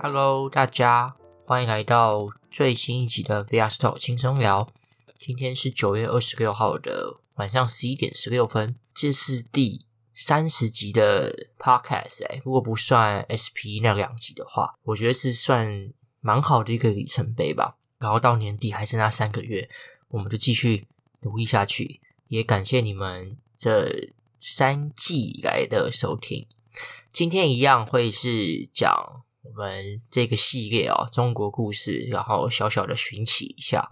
Hello，大家，歡迎來到最新一集的 VR store 輕鬆聊。今天是九月二十六號的晚上十一點十六分，這是第三十集的 Podcast 哎，如果不算 S P 那兩集的話，我覺得是算蠻好的一個里程碑吧。然後到年底還剩下三個月，我們就繼續努力下去。也感謝你們這三季來的收聽。今天一樣會是講。我們這個系列啊、哦，中國故事，然後小小的尋奇一下，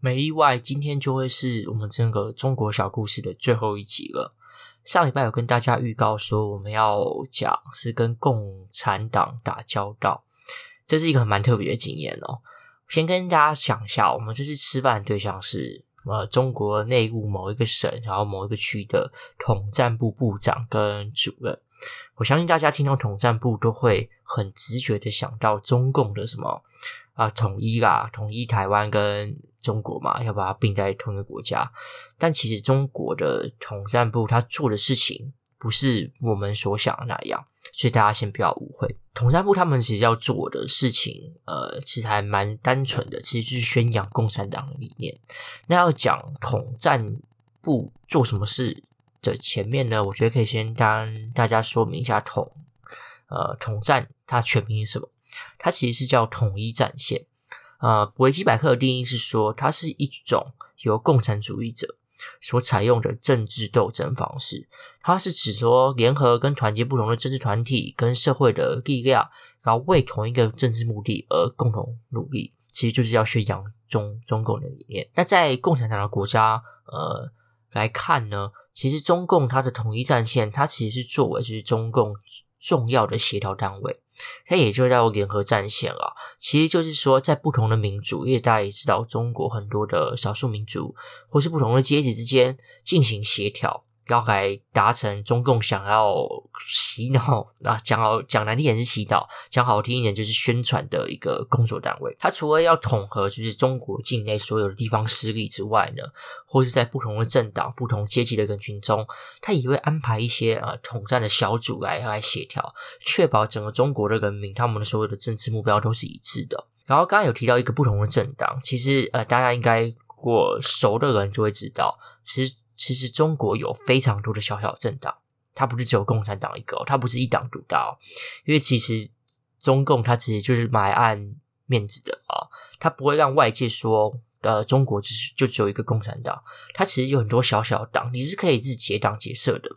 沒意外，今天就會是我們這個中國小故事的最後一集了。上禮拜有跟大家預告說，我們要講是跟共產黨打交道，這是一個蠻特別的經驗哦。先跟大家講一下，我們這次吃飯的對象是呃中國內陸某一個省，然後某一個區的統戰部部長跟主任。我相信大家聽到統戰部，都會很直覺的想到中共的什麼啊，統一啦，啊，統一台灣跟中國嘛，要把它併在同一個國家。但其實中國的統戰部他做的事情，不是我們所想的那樣，所以大家先不要誤會。統戰部他們其實要做的事情，呃，其實還蠻單純的，其實就是宣揚共產黨的理念。那要講統戰部做什麼事？的前面呢，我覺得可以先跟大家說明一下統，呃，統戰它全名是什麼？它其實是叫統一戰線。呃，維基百科的定義是說，它是一種由共產主義者所採用的政治鬥爭方式。它是指說，聯合跟團結不同的政治團體跟社會的力量，然後為同一個政治目的而共同努力。其實就是要宣揚中中共的理念。那在共產黨的國家，呃。來看呢，其實中共它的統一戰線，它其實是作為就是中共重要的協調單位，它也就叫聯合戰線啊。其實就是說，在不同的民族，因為大家也知道，中國很多的少數民族或是不同的階級之間進行協調。要來達成中共想要洗腦啊，講好講難聽一點是洗腦，講好聽一點就是宣傳的一個工作單位。它除了要統合就是中國境內所有的地方勢力之外呢，或是在不同的政黨、不同階級的人群中，它也會安排一些啊、呃、統戰的小組來來協調，確保整個中國的人民他們的所有的政治目標都是一致的。然後剛才有提到一個不同的政黨，其實呃，大家應該過熟的人就會知道，其實。其實中國有非常多的小小政黨，它不是只有共產黨一個，它不是一黨獨大，因為其實中共它其實就是蠻愛面子的啊，它不會讓外界說。呃，中國就是就只有一個共產黨，它其實有很多小小黨，你是可以自結黨結社的，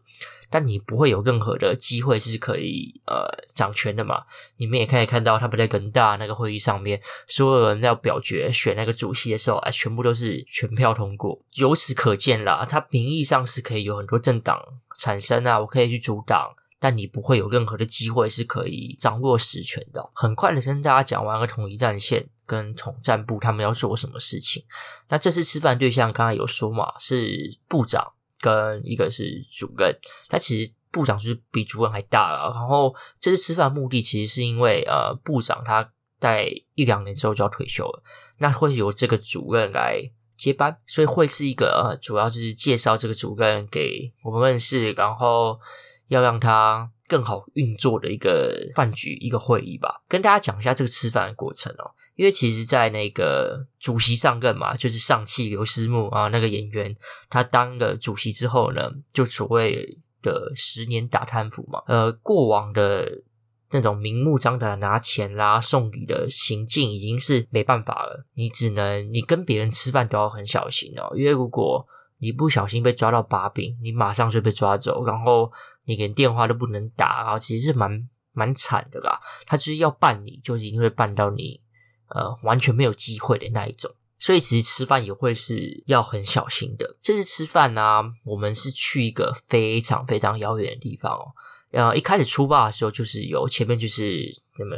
但你不會有任何的機會是可以呃掌權的嘛。你們也可以看到他們在人大那個會議上面，所有人要表決選那個主席的時候，哎、呃，全部都是全票通過。由此可見啦，他名義上是可以有很多政黨產生啊，我可以去組黨，但你不會有任何的機會是可以掌握實權的。很快的，跟大家講完個統一戰線。跟統戰部他們要做什麼事情？那這次吃飯對象剛才有說嘛，是部長跟一個是主任。那其實部長就是比主任還大了。然後這次吃飯的目的其實是因為呃，部長他待一兩年之後就要退休了，那會由這個主任來接班，所以會是一個呃，主要就是介紹這個主任給我們認識，然後要讓他。更好運作的一個飯局，一個會議吧，跟大家講一下這個吃飯的過程哦。因為其實，在那個主席上任嘛，就是尚氣劉思慕啊，那個演員他當了主席之後呢，就所謂的十年打貪腐嘛。呃，過往的那種明目張膽拿錢啦，送禮的行徑已經是沒辦法了，你只能你跟別人吃飯都要很小心哦，因為如果你不小心被抓到把柄，你馬上就被抓走，然後你連電話都不能打啊，其實是蠻蠻慘的啦。他就是要辦你，就是一定會辦到你，呃，完全沒有機會的那一種。所以其實吃飯也會是要很小心的。這次吃飯呢、啊，我們是去一個非常非常遙遠的地方哦、喔。然、呃、後一開始出發的時候，就是有前面就是那麼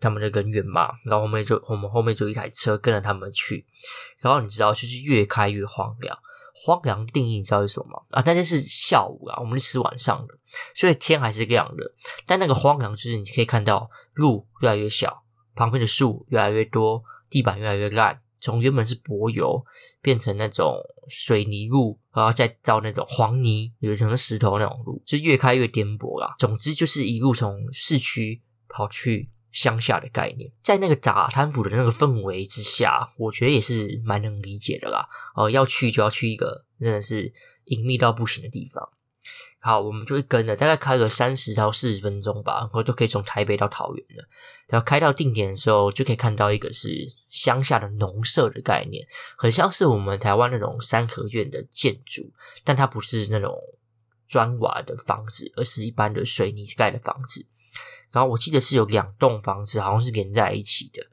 他們的人員嘛，然後後面就我們後面就一台車跟着他們去。然後你知道，就是越開越荒涼。荒涼定義你知道是什麼嗎？啊，那天是下午啊，我們是吃晚上的。所以天還是亮的，但那個荒涼就是你可以看到路越來越小，旁邊的樹越來越多，地板越來越爛，從原本是柏油變成那種水泥路，然後再到那種黃泥，有一層石頭那種路，就越開越顛簸啦。總之就是一路從市區跑去鄉下的概念，在那個打貪腐的那個氛圍之下，我覺得也是蠻能理解的啦。哦、呃，要去就要去一個真的是隱秘到不行的地方。好，我們就會跟了，大概開個三十到四十分鐘吧，然後就可以從台北到桃園了。然後開到定點的時候，就可以看到一個是鄉下的農舍的概念，很像是我們台灣那種三合院的建築，但它不是那種磚瓦的房子，而是一般的水泥蓋的房子。然後我記得是有兩棟房子，好像是連在一起的。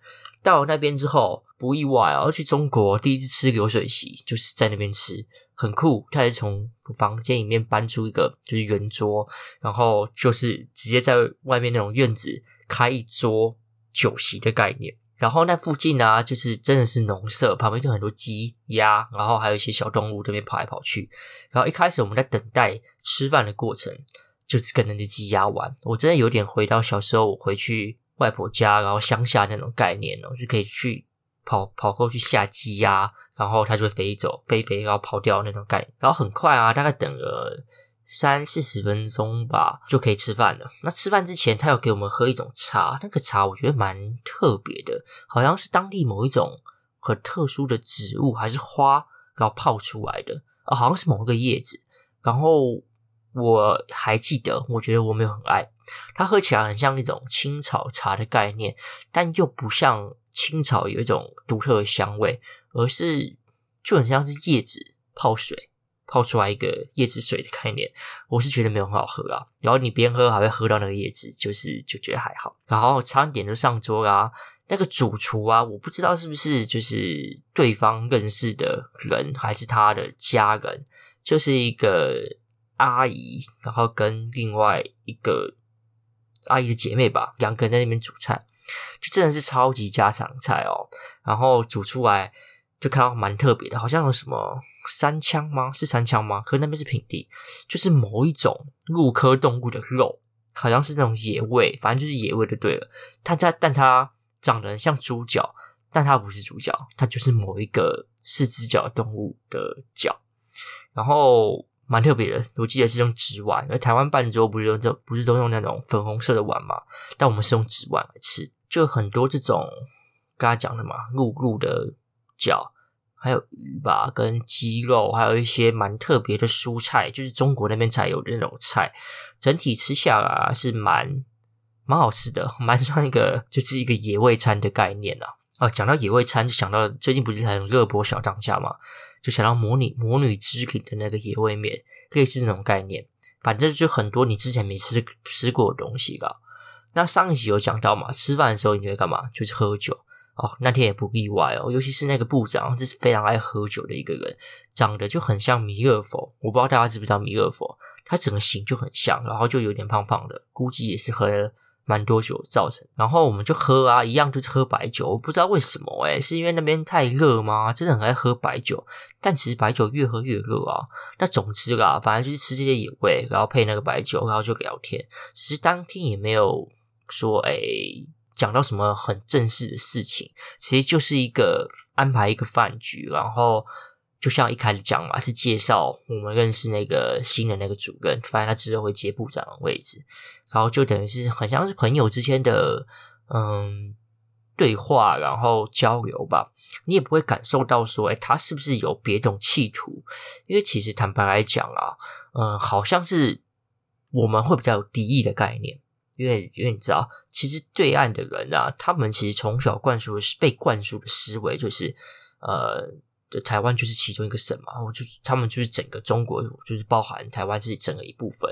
到了那邊之後，不意外，哦，要去中國第一次吃流水席，就是在那邊吃。很酷，他也從房間裡面搬出一個就是圓桌，然後就是直接在外面那種院子開一桌酒席的概念。然後那附近呢、啊，就是真的是農舍，旁邊就很多雞鴨，然後還有一些小動物這邊跑來跑去。然後一開始我們在等待吃飯的過程，就是跟那些雞鴨玩。我真的有點回到小時候，我回去外婆家，然後鄉下那種概念，我是可以去跑跑過去下雞鴨。然後它就會飛走，飛飛然後跑掉那種概念。然後很快啊，大概等了三四十分鐘吧，就可以吃飯了。那吃飯之前，他要給我們喝一種茶，那個茶我覺得蠻特別的，好像是當地某一種很特殊的植物還是花然後泡出來的啊、哦，好像是某一個葉子。然後我還記得，我覺得我沒有很愛它，喝起來很像一種青草茶的概念，但又不像青草有一種獨特的香味。而是就很像是葉子泡水泡出來一個葉子水的概念，我是覺得沒有很好喝啊。然後你邊喝還會喝到那個葉子，就是就覺得還好。然後餐點都上桌啦，那個主廚啊，我不知道是不是就是對方認識的人，還是他的家人，就是一個阿姨，然後跟另外一個阿姨的姐妹吧，兩個人在那邊煮菜，就真的是超級家常菜哦。然後煮出來。就看到蠻特別的，好像有什麼山羌嗎？是山羌嗎？可那邊是平地，就是某一種鹿科動物的肉，好像是那種野味，反正就是野味的對了。它它但它長得像豬腳，但它不是豬腳，它就是某一個四隻腳動物的腳，然後蠻特別的。我記得是用紙碗，而台灣辦桌不是用，不是都用那種粉紅色的碗嗎？但我們是用紙碗來吃，就很多這種剛才講的嘛，鹿鹿的腳。還有魚吧，跟雞肉，還有一些蠻特別的蔬菜，就是中國那邊才有的那種菜。整體吃下來是蠻蠻好吃的，蠻像一個就是一個野味餐的概念啦啊。哦，講到野味餐，就想到最近不是很熱播《小當家》嘛，就想到魔女魔女之品的那個野味麵，類似這種概念。反正就很多你之前沒吃吃過的東西噶。那上一集有講到嘛，吃飯的時候你會幹嘛？就是喝酒。哦，那天也不例外哦，尤其是那個部長，就是非常愛喝酒的一個人，長得就很像彌勒佛，我不知道大家知不知道彌勒佛，他整個型就很像，然後就有點胖胖的，估計也是喝了蠻多酒造成。然後我們就喝啊，一樣就是喝白酒，我不知道為什麼哎，是因為那邊太熱嗎？真的很愛喝白酒，但其實白酒越喝越熱啊。那總之啦，反正就是吃這些野味，然後配那個白酒，然後就聊天。其實當天也沒有說哎。講到什麼很正式的事情，其實就是一個安排一個飯局，然後就像一開始講嘛，是介紹我們認識那個新的那個主任，反正他之後會接部長的位置，然後就等於是很像是朋友之間的嗯對話，然後交流吧，你也不會感受到說，哎，他是不是有別種企圖？因為其實坦白來講啊，嗯，好像是我們會比較有敵意的概念。因為，因為你知道，其實對岸的人啊，他們其實從小灌輸是被灌輸的思維，就是呃，台灣就是其中一個省嘛，我就是他們就是整個中國就是包含台灣是整個一部分，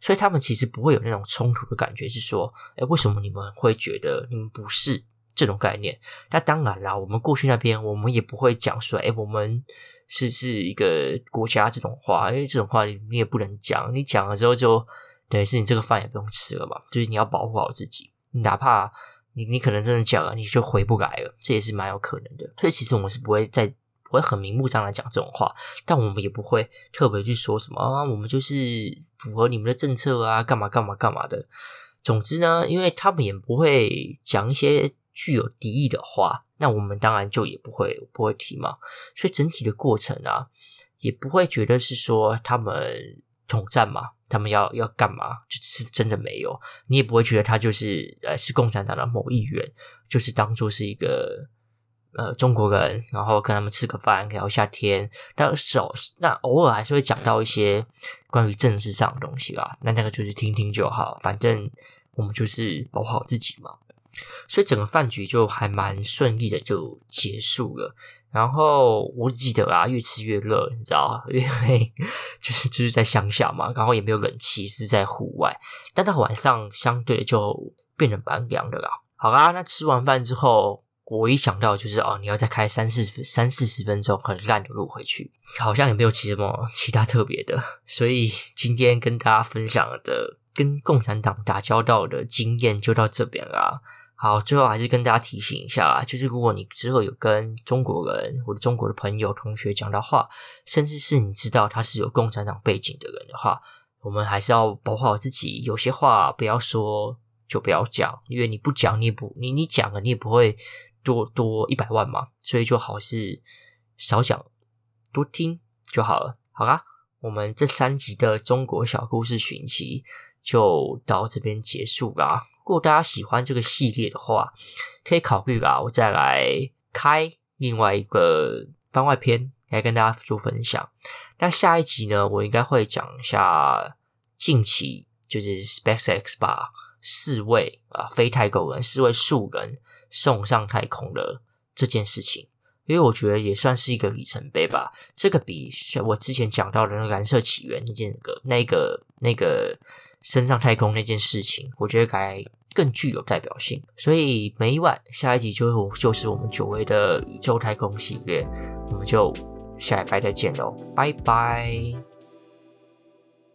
所以他們其實不會有那種衝突的感覺，是說，哎，為什麼你們會覺得你們不是這種概念？那當然啦，我們過去那邊我們也不會講說，哎，我們是是一個國家這種話，因為這種話你你也不能講，你講了之後就。等於是你這個飯也不用吃了嘛？就是你要保護好自己，你哪怕你你可能真的講了，你就回不來了，這也是蠻有可能的。所以其實我們是不會再不會很明目張膽講這種話，但我們也不會特別去說什麼啊，我們就是符合你們的政策啊，幹嘛幹嘛幹嘛的。總之呢，因為他們也不會講一些具有敵意的話，那我們當然就也不會不會提嘛。所以整體的過程啊，也不會覺得是說他們統戰嘛。他們要要幹嘛？就是真的沒有，你也不會覺得他就是呃是共產黨的某一員，就是當作是一個呃中國人，然後跟他們吃個飯，聊一下天。但少那偶爾還是會講到一些關於政治上的東西啦。那那個就是聽聽就好，反正我們就是保護好自己嘛。所以整個飯局就還蠻順利的，就結束了。然後我記得啊，越吃越熱，你知道，因為就是就是在鄉下嘛，然後也沒有冷氣，是在戶外。但到晚上，相對就變得蠻涼的啦。好啦，那吃完飯之後，我一想到就是哦，你要再開三四，三四十分鐘，很爛的路回去，好像也沒有其什麼其他特別的。所以今天跟大家分享的，跟共產黨打交道的經驗就到這邊啦。好，最後還是跟大家提醒一下，就是如果你之後有跟中國人或者中國的朋友、同學講的話，甚至是你知道他是有共產黨背景的人的話，我們還是要保護好自己。有些話不要說，就不要講，因為你不講，你也不，你你講了，你也不會多多一百萬嘛。所以就好是少講多聽就好了。好啦，我們這三集的中國小故事尋奇就到這邊結束啦。如果大家喜歡這個系列的話，可以考慮啊，我再來開另外一個番外篇來跟大家做分享。那下一集呢，我應該會講一下近期就是 SpaceX 把四位啊非太空人四位素人送上太空的這件事情，因為我覺得也算是一個里程碑吧。這個比我之前講到的那個藍色起源那件個那個那個升上太空那件事情，我覺得該。更具有代表性，所以每一晚，下一集就就是我們久違的宇宙太空系列，我們就下禮拜再見嘍，拜拜。